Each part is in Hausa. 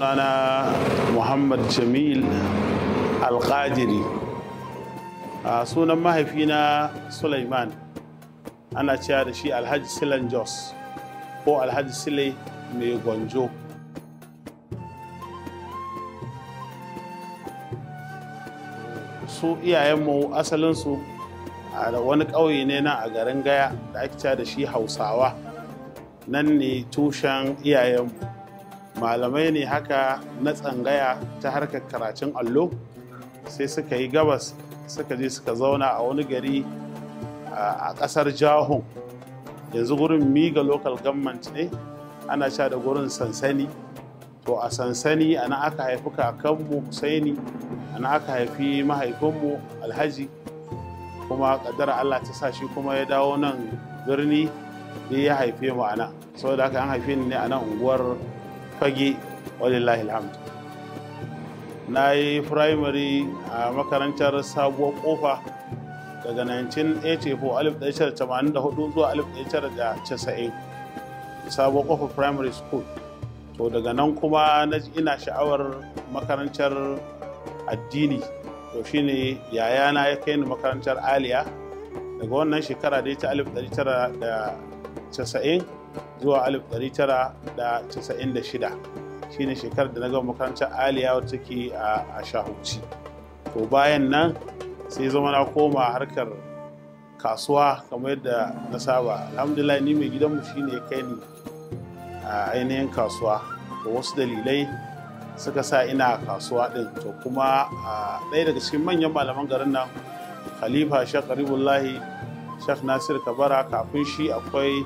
Sana Muhammad Jamil alkadiri A sunan mahaifina Sulaiman ana cewa da shi Alhaji Silan Jos ko Alhaji Sile mai gwanjo. Su iyayenmu asalinsu a wani ƙauye ne na a garin Gaya da ake cewa da shi Hausawa nan ne tushen iyayenmu. malamai ne haka na tsangaya ta harkar karatun allo sai suka yi gabas suka je suka zauna a wani gari a ƙasar jahun yanzu gurin miga local government ne ana sha da gurin sansani to a sansani ana aka haifi kakanmu husaini ana aka haifi mahaifinmu alhaji kuma kadar allah ta sa shi kuma ya dawo nan birni ne ya haife mu ana saboda haka an haife ni ne a nan unguwar fage walillahi alhamdu na yi firamare a makarantar sabuwar kofa daga 1984 zuwa 1990 sabuwar kofa primary school to daga nan kuma na ji ina sha'awar makarantar addini to shine yayana ya kai ni makarantar aliya daga wannan shekara da ta casa'in zuwa alif ɗari tara da casa'in da shida shine shekarar da na gama makarantar aliya wata ke a shahuci to bayan nan sai zama na koma harkar kasuwa kamar yadda na saba alhamdulillah ni mai gidanmu shine ya kai ni a ainihin kasuwa da wasu dalilai suka sa ina kasuwa din? to kuma ɗaya daga cikin manyan malaman garin nan khalifa shakaribullahi Sheikh Nasir Kabara kafin shi akwai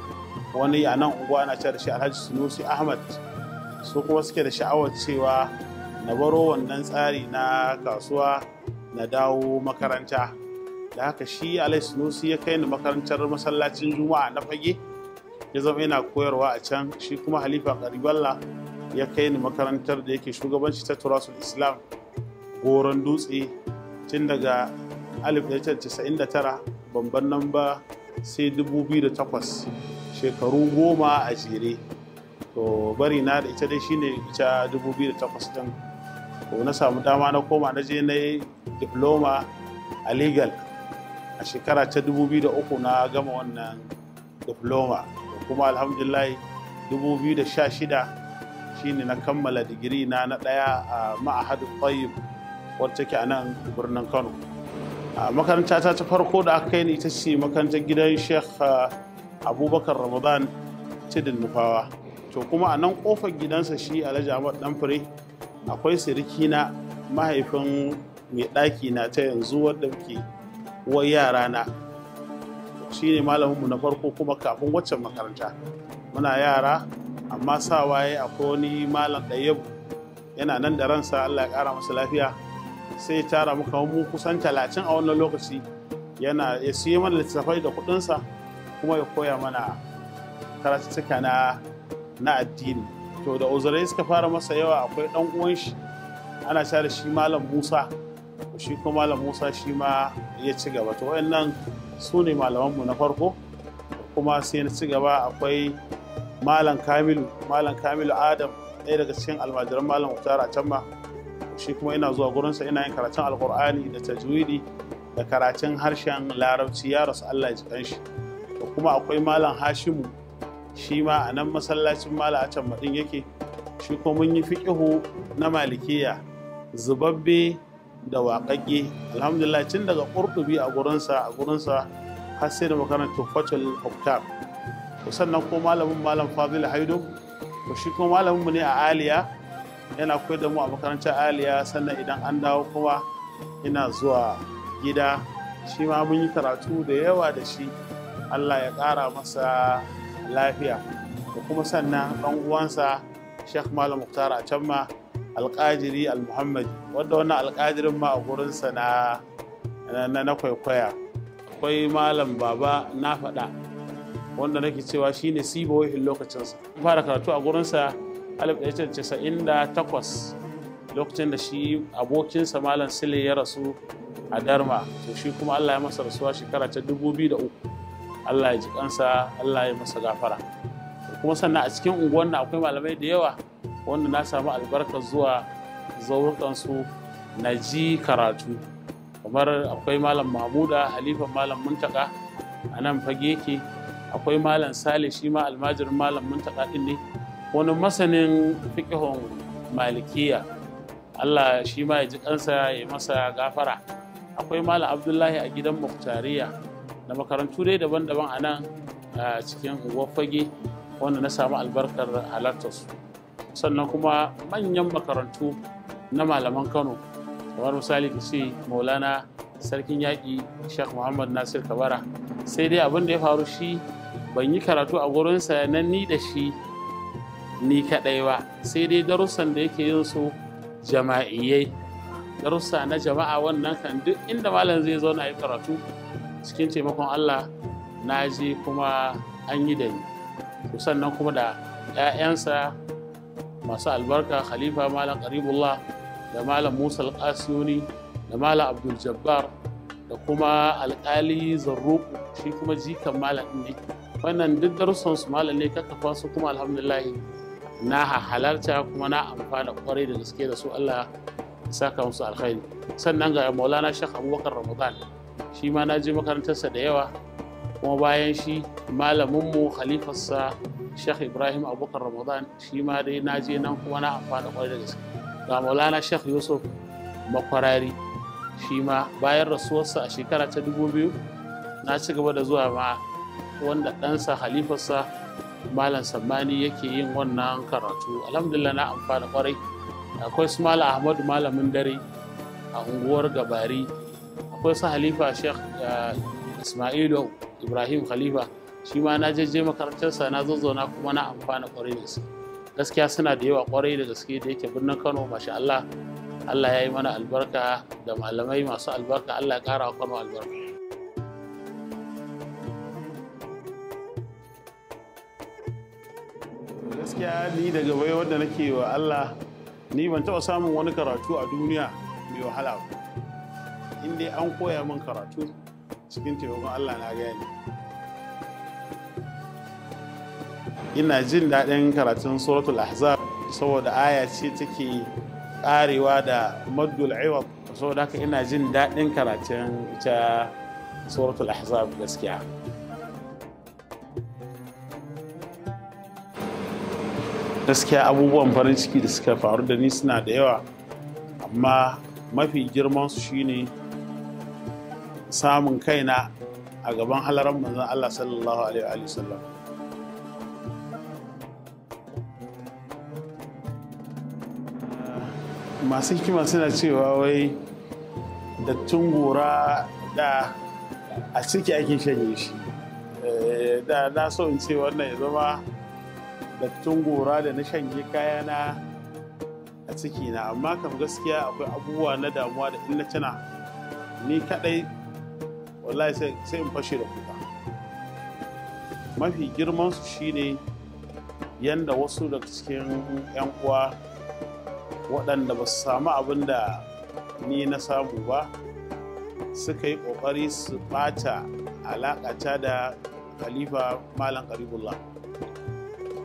wani a nan unguwa ana cewa da shi Alhaji Sunusi Ahmad su kuma suke da sha'awar cewa na baro wannan tsari na kasuwa na dawo makaranta da haka shi Alhaji Sunusi ya kai ni makarantar masallacin Juma'a na fage ya zama yana koyarwa a can shi kuma Halifa kariballa ya kai ni makarantar da yake shugabanci ta Turasul Islam goron dutse tun daga 1999 babban nan ba sai 2008 shekaru goma a jere to bari na da ita dai shine ita 2008 din to na samu dama na koma na je na yi diploma a legal a shekara ta 2003 na gama wannan diploma kuma alhamdulillah 2016 shine na kammala digiri na na daya a ma'ahadu tsayib wacce ke a nan birnin kano makaranta ta ta farko da aka kai ni ita ce makarantar gidan sheikh eh, abubakar ramadan cidin nufawa to kuma a nan kofar gidansa shi alhaji ahmad danfure akwai siriki na mahaifin mai ɗaki na ta yanzu wadda muke wa yara na shi ne malaminmu na farko kuma kafin waccan makaranta muna yara amma sa waye akwai wani malam ɗayyabu yana nan da ransa allah ya ƙara masa lafiya sai ya tara muka kamar mu kusan talatin a wannan lokaci yana ya siye mana littattafai da kuɗinsa kuma ya koya mana karatuttuka na na addini to da uzurai suka fara masa yawa akwai ɗan uwan shi ana sa da shi malam musa shi kuma malam musa shi ma ya ci gaba to wayannan su ne malamanmu na farko kuma sai na ci gaba akwai malam kamilu malam kamilu adam ɗaya daga cikin almajiran malam muktar a can ma shi kuma ina zuwa gurinsa ina yin karatun alkur'ani da tajwidi da karatun harshen larabci ya rasu Allah ya jikan shi da kuma akwai malam hashimu shi ma a nan masallacin malam can maɗin yake shi kuma mun yi fiƙihu na malikiya zubabbe da waƙaƙe alhamdulillah tun daga ƙurɗubi a gurinsa a gurinsa har sai da makarantar fatul oktab sannan ko malamin malam fazil haidu to shi kuma malamin mu ne a aliya yana koyar da mu a makarantar aliya sannan idan an dawo kuma ina zuwa gida shi ma mun yi karatu da yawa da shi allah ya ƙara masa lafiya da kuma sannan ɗan uwansa sheikh malam muktar a can ma alƙajiri almuhammad wadda wannan alƙajirin ma a gurinsa na na kwaikwaya akwai malam baba na faɗa wanda nake cewa shine sibo lokacinsa fara karatu a gurinsa 1998 lokacin da shi abokinsa malam sile ya rasu a darma to shi kuma allah ya masa rasuwa shekara ta 2003 allah ya ji kansa allah ya masa gafara kuma sannan a cikin unguwan na akwai malamai da yawa wanda na samu albarka zuwa zaurukansu na ji karatu kamar akwai malam mahmuda halifan malam muntaka a nan fage yake akwai malam sale shi ma almajirin malam muntaka din ne wani masanin fiƙihun malikiya Allah shi ma ya ji kansa ya masa gafara akwai Malam Abdullahi a gidan Muktariya da makarantu dai daban-daban a nan a cikin unguwar fage wanda na samu albarkar su. sannan kuma manyan makarantu na malaman Kano kamar misali ka ce Maulana Sarkin Yaƙi Sheikh Muhammad Nasir Kabara sai dai abin da ya faru shi ban yi karatu a gurinsa nan ni da shi ni kaɗai ba sai dai darussan da yake yin su jama'iyyai darussa na jama'a wannan kan duk inda malam zai zo na yi karatu cikin taimakon Allah na ji kuma an yi da ni sannan kuma da 'ya'yansa masu albarka khalifa malam karibullah da malam musa alƙasiyoni da malam abdul jabbar da kuma alƙali zarruku shi kuma jikan malam ne wannan duk su malam ne kakkafa su kuma alhamdulillah na halarta kuma na amfana kwarai da gaske da su Allah saka musu alkhairi sannan ga maulana shek abubakar ramadan shi ma na je makarantarsa da yawa kuma bayan shi malaminmu khalifarsa shek ibrahim abubakar ramadan shi ma dai na je nan kuma na amfana kwarai da gaske ga maulana shek yusuf makwarari shi ma bayan rasuwarsa a shekara ta dubu biyu na ci gaba da zuwa ma wanda ɗansa sa. malam sabani yake yin wannan karatu alhamdulillah na amfana kwarai akwai su malam ahmadu malamin dare a unguwar gabari akwai su halifa sheikh eh, ismailu ibrahim khalifa shi ma na jeje makarantarsa na zazzauna kuma na amfana kwarai da su gaskiya suna da yawa kwarai da gaske da yake birnin kano masha allah allah ya yi mana albarka da malamai masu albarka allah ya kara wa kano albarka gaskiya ni daga bai wanda nake wa Allah ni ban taɓa samun wani karatu a duniya mai wahala ba in an koya min karatu cikin taimakon Allah na gani ina jin daɗin karatun suratul ahzab saboda aya ce take ƙarewa da maddul iwad saboda haka ina jin daɗin karatun ita suratul ahzab gaskiya gaskiya abubuwan farin ciki da suka faru da ni suna da yawa amma mafi girman su shine samun kaina a gaban halaran manzon Allah sallallahu alaihi wa sallam masu hikima suna cewa wai dattin gora da a ciki ake shanye shi eh, da na so in ce wannan ya zama ɓattun gora da na shanye kayana a cikina amma kam gaskiya akwai abubuwa na damuwa da in na tana ni kadai wallahi sai in fashe da kuka mafi girmansu shine yadda wasu daga cikin 'yan uwa waɗanda ba su samu abin da ni na samu ba suka yi ƙoƙari su ɓata alaƙata da khalifa malam karibullah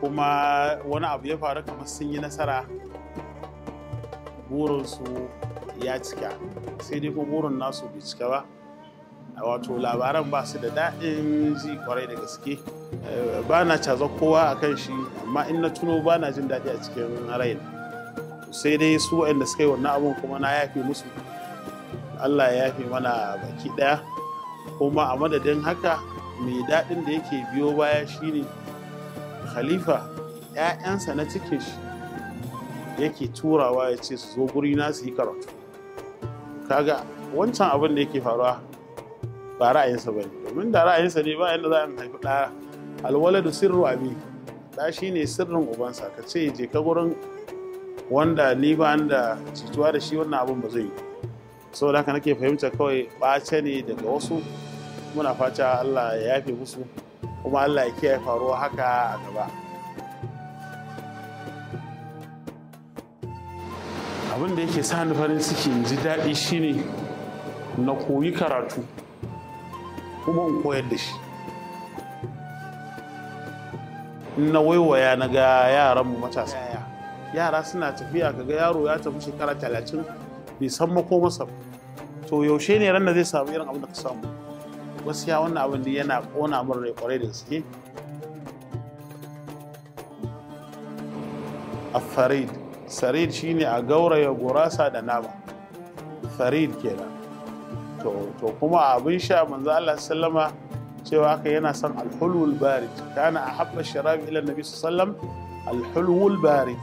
kuma wani abu ya faru kamar sun yi nasara burinsu ya cika sai dai ko burin nasu bai cika ba wato labaran ba su da daɗin ji kwarai da gaske eh, ba na caza kowa a kan shi amma in na tuno ba na jin daɗi a cikin raina sai dai su waɗanda suka yi wannan abun kuma na yafe musu allah ya yafe mana baki ɗaya kuma a madadin haka mai daɗin da yake biyo baya shine khalifa ‘ya'yansa na cikin shi yake turawa ya ce su zo guri na su yi karatu kaga wancan abin da yake faruwa ba ra'ayinsa ba ne domin da ra'ayinsa ne ba yadda za a haifi ɗaya alwala da sirru a ɗa shi ne sirrin ubansa ka ce je ka gurin wanda ni ba da cituwa da shi wannan abin ba zai yi saboda haka nake fahimta kawai ɓace ne daga wasu muna fata allah ya yafe musu kuma Allah ya kiyaye faruwa haka a gaba abin da yake sa ni farin ciki in ji daɗi shine na koyi karatu kuma in koyar da shi na waiwaya na ga yaranmu matasa yara suna tafiya ka ga yaro ya tafi shekara talatin bai san makomarsa to yaushe ne ran da zai samu irin abin da ka samu gaskiya wannan abin da yana kona min rai kwarai da gaske afarid sarid shine a gauraya gurasa da nama farid kenan to to kuma abin sha manzo Allah sallama cewa aka yana son alhulul barid kana ahabba sharab ila nabi sallam alhulul barid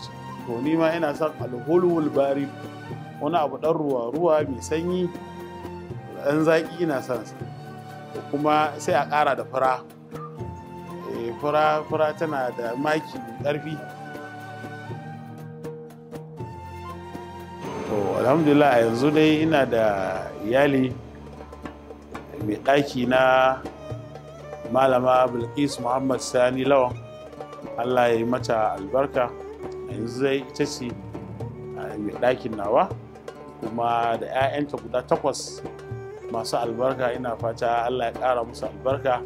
to ni ma ina son alhulul barid wani abu dan ruwa ruwa mai sanyi dan zaki ina son sa kuma sai a ƙara da fura eh, fura fura tana da maki ƙarfi to alhamdulillah a yanzu dai ina da iyali mai ɗaki na malama bilkis muhammad sani lawan allah ya yi mata albarka yanzu zai ita ce eh, mai ɗakin nawa kuma da 'ya'yanta guda takwas masu albarka ina fata allah ya ƙara musu albarka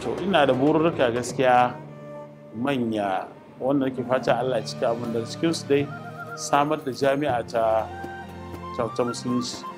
to ina da bururruka gaskiya manya wanda ke fata allah ya cika abin da cikinsu dai samar da jami'a ta ta musulunci